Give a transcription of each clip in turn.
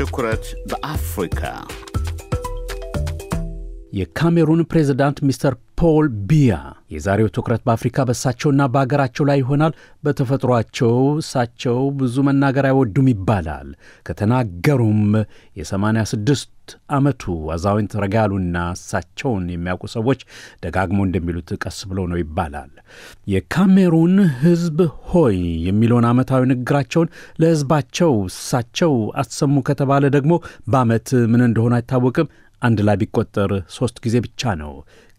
ትኩረት በአፍሪካ የካሜሩን ፕሬዝዳንት ሚስተር ፖል ቢያ የዛሬው ትኩረት በአፍሪካ በእሳቸውና በአገራቸው ላይ ይሆናል። በተፈጥሯቸው እሳቸው ብዙ መናገር አይወዱም ይባላል። ከተናገሩም የ86 ዓመቱ አዛውንት ረጋሉና እሳቸውን የሚያውቁ ሰዎች ደጋግሞ እንደሚሉት ቀስ ብሎ ነው ይባላል። የካሜሩን ሕዝብ ሆይ የሚለውን ዓመታዊ ንግግራቸውን ለሕዝባቸው እሳቸው አሰሙ ከተባለ ደግሞ በዓመት ምን እንደሆነ አይታወቅም አንድ ላይ ቢቆጠር ሦስት ጊዜ ብቻ ነው።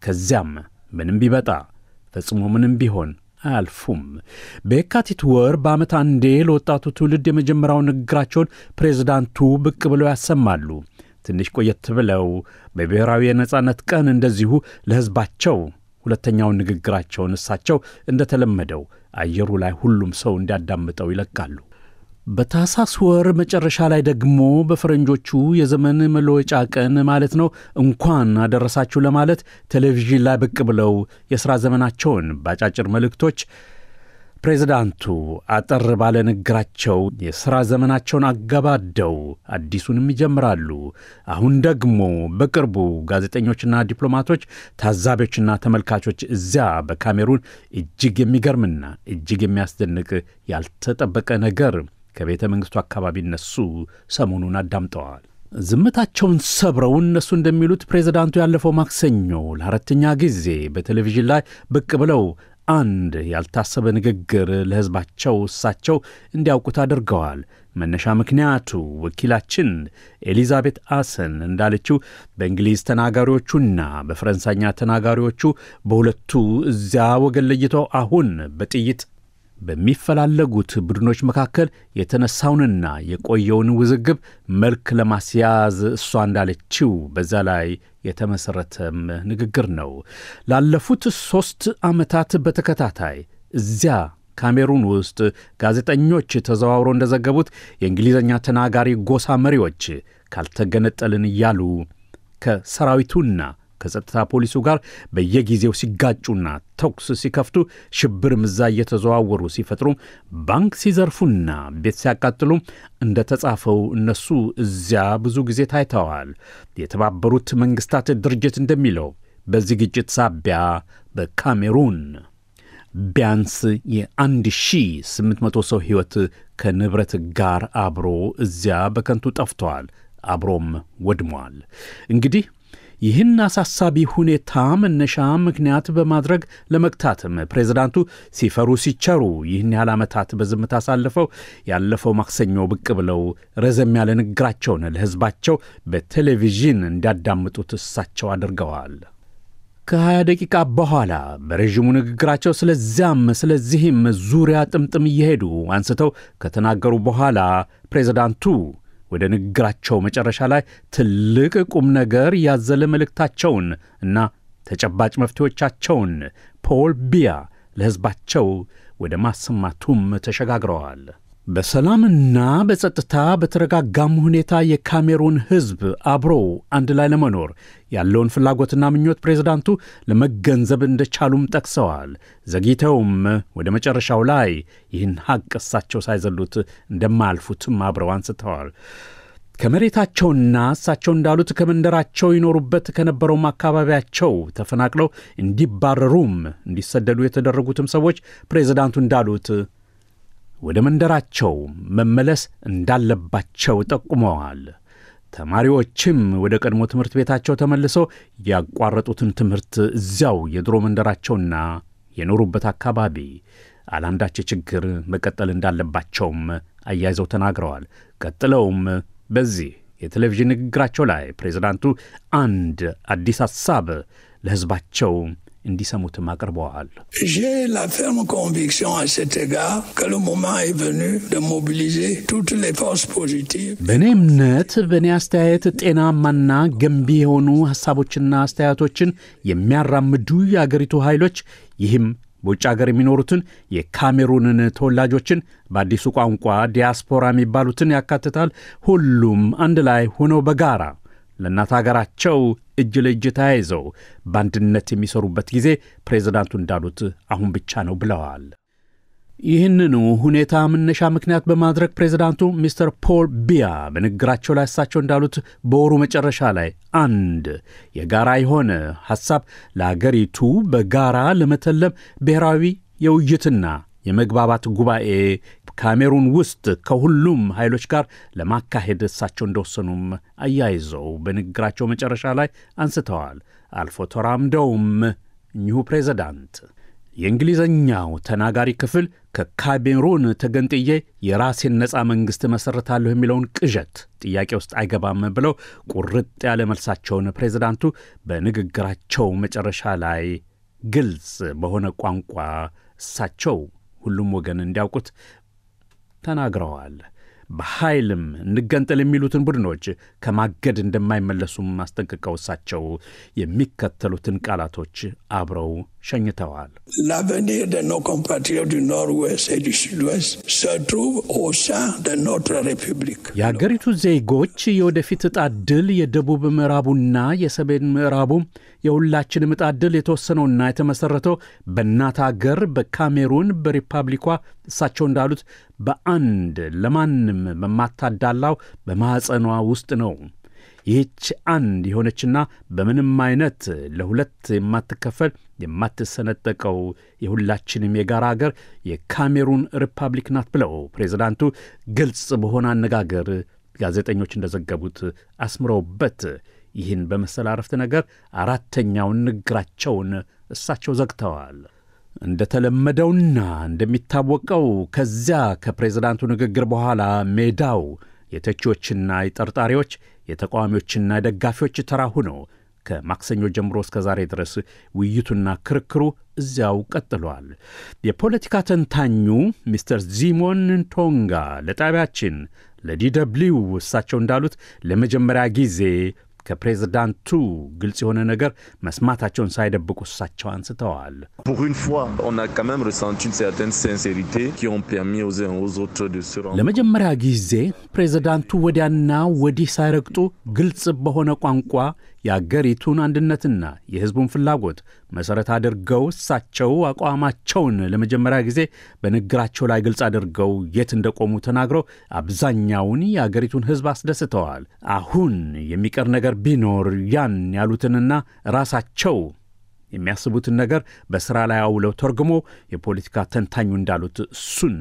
ከዚያም ምንም ቢበጣ ፈጽሞ ምንም ቢሆን አያልፉም። በየካቲት ወር በዓመት አንዴ ለወጣቱ ትውልድ የመጀመሪያውን ንግግራቸውን ፕሬዝዳንቱ ብቅ ብለው ያሰማሉ። ትንሽ ቆየት ብለው በብሔራዊ የነጻነት ቀን እንደዚሁ ለሕዝባቸው ሁለተኛውን ንግግራቸውን እሳቸው እንደተለመደው አየሩ ላይ ሁሉም ሰው እንዲያዳምጠው ይለቃሉ። በታሳስ ወር መጨረሻ ላይ ደግሞ በፈረንጆቹ የዘመን መለወጫ ቀን ማለት ነው እንኳን አደረሳችሁ ለማለት ቴሌቪዥን ላይ ብቅ ብለው የሥራ ዘመናቸውን በአጫጭር መልእክቶች ፕሬዚዳንቱ አጠር ባለ ንግግራቸው የሥራ ዘመናቸውን አገባደው አዲሱንም ይጀምራሉ። አሁን ደግሞ በቅርቡ ጋዜጠኞችና ዲፕሎማቶች፣ ታዛቢዎችና ተመልካቾች እዚያ በካሜሩን እጅግ የሚገርምና እጅግ የሚያስደንቅ ያልተጠበቀ ነገር ከቤተ መንግሥቱ አካባቢ እነሱ ሰሞኑን አዳምጠዋል። ዝምታቸውን ሰብረው እነሱ እንደሚሉት ፕሬዝዳንቱ ያለፈው ማክሰኞ ለአራተኛ ጊዜ በቴሌቪዥን ላይ ብቅ ብለው አንድ ያልታሰበ ንግግር ለሕዝባቸው እሳቸው እንዲያውቁት አድርገዋል። መነሻ ምክንያቱ ወኪላችን ኤሊዛቤት አሰን እንዳለችው በእንግሊዝ ተናጋሪዎቹና በፈረንሳይኛ ተናጋሪዎቹ በሁለቱ እዚያ ወገን ለይተው አሁን በጥይት በሚፈላለጉት ቡድኖች መካከል የተነሳውንና የቆየውን ውዝግብ መልክ ለማስያዝ እሷ እንዳለችው በዛ ላይ የተመሠረተም ንግግር ነው። ላለፉት ሦስት ዓመታት በተከታታይ እዚያ ካሜሩን ውስጥ ጋዜጠኞች ተዘዋውረው እንደዘገቡት የእንግሊዝኛ ተናጋሪ ጎሳ መሪዎች ካልተገነጠልን እያሉ ከሰራዊቱና ከጸጥታ ፖሊሱ ጋር በየጊዜው ሲጋጩና ተኩስ ሲከፍቱ ሽብር ምዛ እየተዘዋወሩ ሲፈጥሩ ባንክ ሲዘርፉና ቤት ሲያቃጥሉ እንደ ተጻፈው እነሱ እዚያ ብዙ ጊዜ ታይተዋል። የተባበሩት መንግስታት ድርጅት እንደሚለው በዚህ ግጭት ሳቢያ በካሜሩን ቢያንስ የ1800 ሰው ሕይወት ከንብረት ጋር አብሮ እዚያ በከንቱ ጠፍቷል፣ አብሮም ወድሟል። እንግዲህ ይህን አሳሳቢ ሁኔታ መነሻ ምክንያት በማድረግ ለመግታትም ፕሬዝዳንቱ ሲፈሩ ሲቸሩ ይህን ያህል ዓመታት በዝምታ አሳልፈው ያለፈው ማክሰኞ ብቅ ብለው ረዘም ያለ ንግግራቸውን ለሕዝባቸው በቴሌቪዥን እንዲያዳምጡት እሳቸው አድርገዋል። ከሀያ ደቂቃ በኋላ በረዥሙ ንግግራቸው ስለዚያም ስለዚህም ዙሪያ ጥምጥም እየሄዱ አንስተው ከተናገሩ በኋላ ፕሬዝዳንቱ ወደ ንግግራቸው መጨረሻ ላይ ትልቅ ቁም ነገር ያዘለ መልእክታቸውን እና ተጨባጭ መፍትሄዎቻቸውን ፖል ቢያ ለሕዝባቸው ወደ ማሰማቱም ተሸጋግረዋል። በሰላምና በጸጥታ በተረጋጋም ሁኔታ የካሜሩን ሕዝብ አብሮ አንድ ላይ ለመኖር ያለውን ፍላጎትና ምኞት ፕሬዝዳንቱ ለመገንዘብ እንደቻሉም ጠቅሰዋል። ዘግይተውም ወደ መጨረሻው ላይ ይህን ሐቅ እሳቸው ሳይዘሉት እንደማያልፉትም አብረው አንስተዋል። ከመሬታቸውና እሳቸው እንዳሉት ከመንደራቸው ይኖሩበት ከነበረውም አካባቢያቸው ተፈናቅለው እንዲባረሩም እንዲሰደዱ የተደረጉትም ሰዎች ፕሬዝዳንቱ እንዳሉት ወደ መንደራቸው መመለስ እንዳለባቸው ጠቁመዋል። ተማሪዎችም ወደ ቀድሞ ትምህርት ቤታቸው ተመልሰው ያቋረጡትን ትምህርት እዚያው የድሮ መንደራቸውና የኖሩበት አካባቢ አላንዳች ችግር መቀጠል እንዳለባቸውም አያይዘው ተናግረዋል። ቀጥለውም በዚህ የቴሌቪዥን ንግግራቸው ላይ ፕሬዚዳንቱ አንድ አዲስ ሐሳብ ለሕዝባቸው እንዲሰሙትም አቅርበዋል። በእኔ እምነት፣ በእኔ አስተያየት ጤናማና ገንቢ የሆኑ ሐሳቦችና አስተያየቶችን የሚያራምዱ የአገሪቱ ኃይሎች ይህም በውጭ አገር የሚኖሩትን የካሜሩንን ተወላጆችን በአዲሱ ቋንቋ ዲያስፖራ የሚባሉትን ያካትታል። ሁሉም አንድ ላይ ሆነው በጋራ ለእናት አገራቸው እጅ ለእጅ ተያይዘው በአንድነት የሚሰሩበት ጊዜ ፕሬዝዳንቱ እንዳሉት አሁን ብቻ ነው ብለዋል። ይህንኑ ሁኔታ መነሻ ምክንያት በማድረግ ፕሬዝዳንቱ ሚስተር ፖል ቢያ በንግግራቸው ላይ እሳቸው እንዳሉት በወሩ መጨረሻ ላይ አንድ የጋራ የሆነ ሐሳብ ለአገሪቱ በጋራ ለመተለም ብሔራዊ የውይይትና የመግባባት ጉባኤ ካሜሩን ውስጥ ከሁሉም ኃይሎች ጋር ለማካሄድ እሳቸው እንደወሰኑም አያይዘው በንግግራቸው መጨረሻ ላይ አንስተዋል። አልፎ ተራምደውም እኚሁ ፕሬዚዳንት የእንግሊዘኛው ተናጋሪ ክፍል ከካሜሩን ተገንጥዬ የራሴን ነፃ መንግሥት መሠረታለሁ የሚለውን ቅዠት ጥያቄ ውስጥ አይገባም ብለው ቁርጥ ያለ መልሳቸውን ፕሬዚዳንቱ በንግግራቸው መጨረሻ ላይ ግልጽ በሆነ ቋንቋ እሳቸው ሁሉም ወገን እንዲያውቁት ተናግረዋል። በኃይልም እንገንጠል የሚሉትን ቡድኖች ከማገድ እንደማይመለሱም አስጠንቅቀው እሳቸው የሚከተሉትን ቃላቶች አብረው ሸኝተዋል። የአገሪቱ ዜጎች የወደፊት ዕጣ የደቡብ ምዕራቡና የሰሜን ምዕራቡ የሁላችንም ዕጣ ዕድል የተወሰነውና የተመሠረተው በእናት አገር በካሜሩን በሪፐብሊኳ እሳቸው እንዳሉት በአንድ ለማንም በማታዳላው በማኅፀኗ ውስጥ ነው። ይህች አንድ የሆነችና በምንም አይነት ለሁለት የማትከፈል የማትሰነጠቀው የሁላችንም የጋራ አገር የካሜሩን ሪፐብሊክ ናት ብለው ፕሬዚዳንቱ ግልጽ በሆነ አነጋገር ጋዜጠኞች እንደዘገቡት አስምረውበት ይህን በመሰል አረፍተ ነገር አራተኛውን ንግግራቸውን እሳቸው ዘግተዋል። እንደተለመደውና እንደሚታወቀው ከዚያ ከፕሬዝዳንቱ ንግግር በኋላ ሜዳው የተቺዎችና የጠርጣሪዎች የተቃዋሚዎችና ደጋፊዎች ተራ ነው ከማክሰኞ ጀምሮ እስከ ዛሬ ድረስ ውይይቱና ክርክሩ እዚያው ቀጥሏል። የፖለቲካ ተንታኙ ሚስተር ዚሞን ቶንጋ ለጣቢያችን ለዲደብሊው እሳቸው እንዳሉት ለመጀመሪያ ጊዜ ከፕሬዝዳንቱ ግልጽ የሆነ ነገር መስማታቸውን ሳይደብቁ እሳቸው አንስተዋል። ለመጀመሪያ ጊዜ ፕሬዝዳንቱ ወዲያና ወዲህ ሳይረግጡ ግልጽ በሆነ ቋንቋ የአገሪቱን አንድነትና የሕዝቡን ፍላጎት መሠረት አድርገው እሳቸው አቋማቸውን ለመጀመሪያ ጊዜ በንግግራቸው ላይ ግልጽ አድርገው የት እንደቆሙ ተናግረው አብዛኛውን የአገሪቱን ሕዝብ አስደስተዋል። አሁን የሚቀር ነገር ቢኖር ያን ያሉትንና ራሳቸው የሚያስቡትን ነገር በሥራ ላይ አውለው ተርጉሞ የፖለቲካ ተንታኙ እንዳሉት እሱን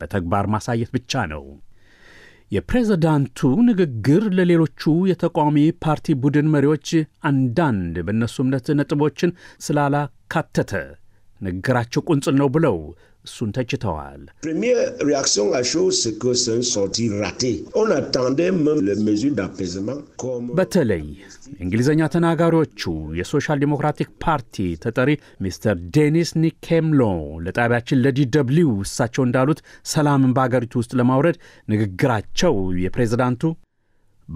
በተግባር ማሳየት ብቻ ነው። የፕሬዝዳንቱ ንግግር ለሌሎቹ የተቃዋሚ ፓርቲ ቡድን መሪዎች አንዳንድ በእነሱ እምነት ነጥቦችን ስላላካተተ ንግግራቸው ቁንጽል ነው ብለው እሱን ተችተዋል። በተለይ እንግሊዝኛ ተናጋሪዎቹ የሶሻል ዲሞክራቲክ ፓርቲ ተጠሪ ሚስተር ዴኒስ ኒኬምሎ ለጣቢያችን ለዲደብሊው እሳቸው እንዳሉት ሰላምን በአገሪቱ ውስጥ ለማውረድ ንግግራቸው የፕሬዝዳንቱ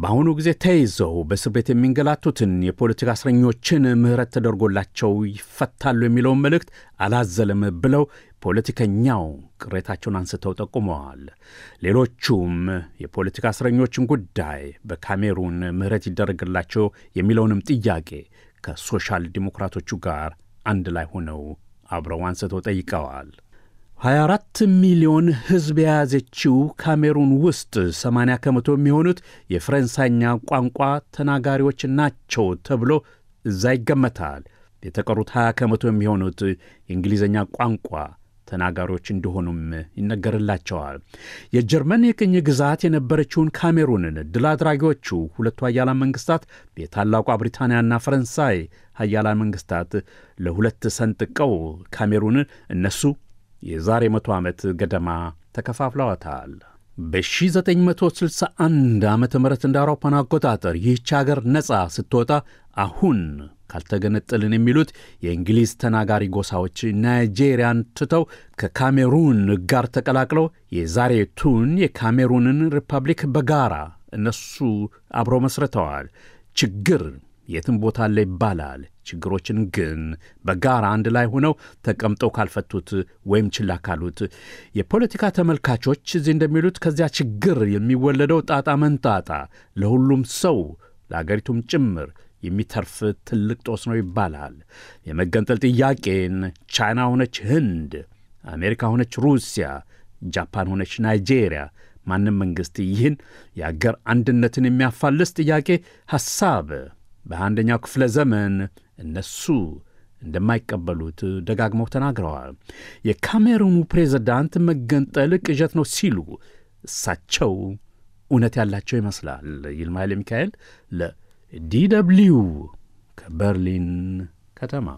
በአሁኑ ጊዜ ተይዘው በእስር ቤት የሚንገላቱትን የፖለቲካ እስረኞችን ምህረት ተደርጎላቸው ይፈታሉ የሚለውን መልእክት አላዘለም ብለው ፖለቲከኛው ቅሬታቸውን አንስተው ጠቁመዋል። ሌሎቹም የፖለቲካ እስረኞችን ጉዳይ በካሜሩን ምህረት ይደረግላቸው የሚለውንም ጥያቄ ከሶሻል ዲሞክራቶቹ ጋር አንድ ላይ ሆነው አብረው አንስተው ጠይቀዋል። 24 ሚሊዮን ሕዝብ የያዘችው ካሜሩን ውስጥ 80 ከመቶ የሚሆኑት የፈረንሳይኛ ቋንቋ ተናጋሪዎች ናቸው ተብሎ እዛ ይገመታል። የተቀሩት 20 ከመቶ የሚሆኑት የእንግሊዝኛ ቋንቋ ተናጋሪዎች እንደሆኑም ይነገርላቸዋል። የጀርመን የቅኝ ግዛት የነበረችውን ካሜሩንን ድል አድራጊዎቹ ሁለቱ ኃያላን መንግሥታት የታላቋ ብሪታንያና ፈረንሳይ ኃያላን መንግሥታት ለሁለት ሰንጥቀው ካሜሩንን እነሱ የዛሬ መቶ ዓመት ገደማ ተከፋፍለዋታል። በ1961 ዓ ም እንደ አውሮፓን አቆጣጠር ይህች አገር ነፃ ስትወጣ አሁን ካልተገነጠልን የሚሉት የእንግሊዝ ተናጋሪ ጎሳዎች ናይጄሪያን ትተው ከካሜሩን ጋር ተቀላቅለው የዛሬቱን የካሜሩንን ሪፐብሊክ በጋራ እነሱ አብሮ መስርተዋል። ችግር የትም ቦታ አለ ይባላል። ችግሮችን ግን በጋራ አንድ ላይ ሆነው ተቀምጠው ካልፈቱት ወይም ችላ ካሉት የፖለቲካ ተመልካቾች እዚህ እንደሚሉት ከዚያ ችግር የሚወለደው ጣጣ መንጣጣ ለሁሉም ሰው ለአገሪቱም ጭምር የሚተርፍ ትልቅ ጦስ ነው ይባላል። የመገንጠል ጥያቄን ቻይና ሆነች ህንድ፣ አሜሪካ ሆነች ሩሲያ፣ ጃፓን ሆነች ናይጄሪያ ማንም መንግሥት ይህን የአገር አንድነትን የሚያፋልስ ጥያቄ ሐሳብ በአንደኛው ክፍለ ዘመን እነሱ እንደማይቀበሉት ደጋግመው ተናግረዋል። የካሜሩኑ ፕሬዚዳንት መገንጠል ቅዠት ነው ሲሉ እሳቸው እውነት ያላቸው ይመስላል። ይልማ ኃይለ ሚካኤል ለዲ ደብልዩ ከበርሊን ከተማ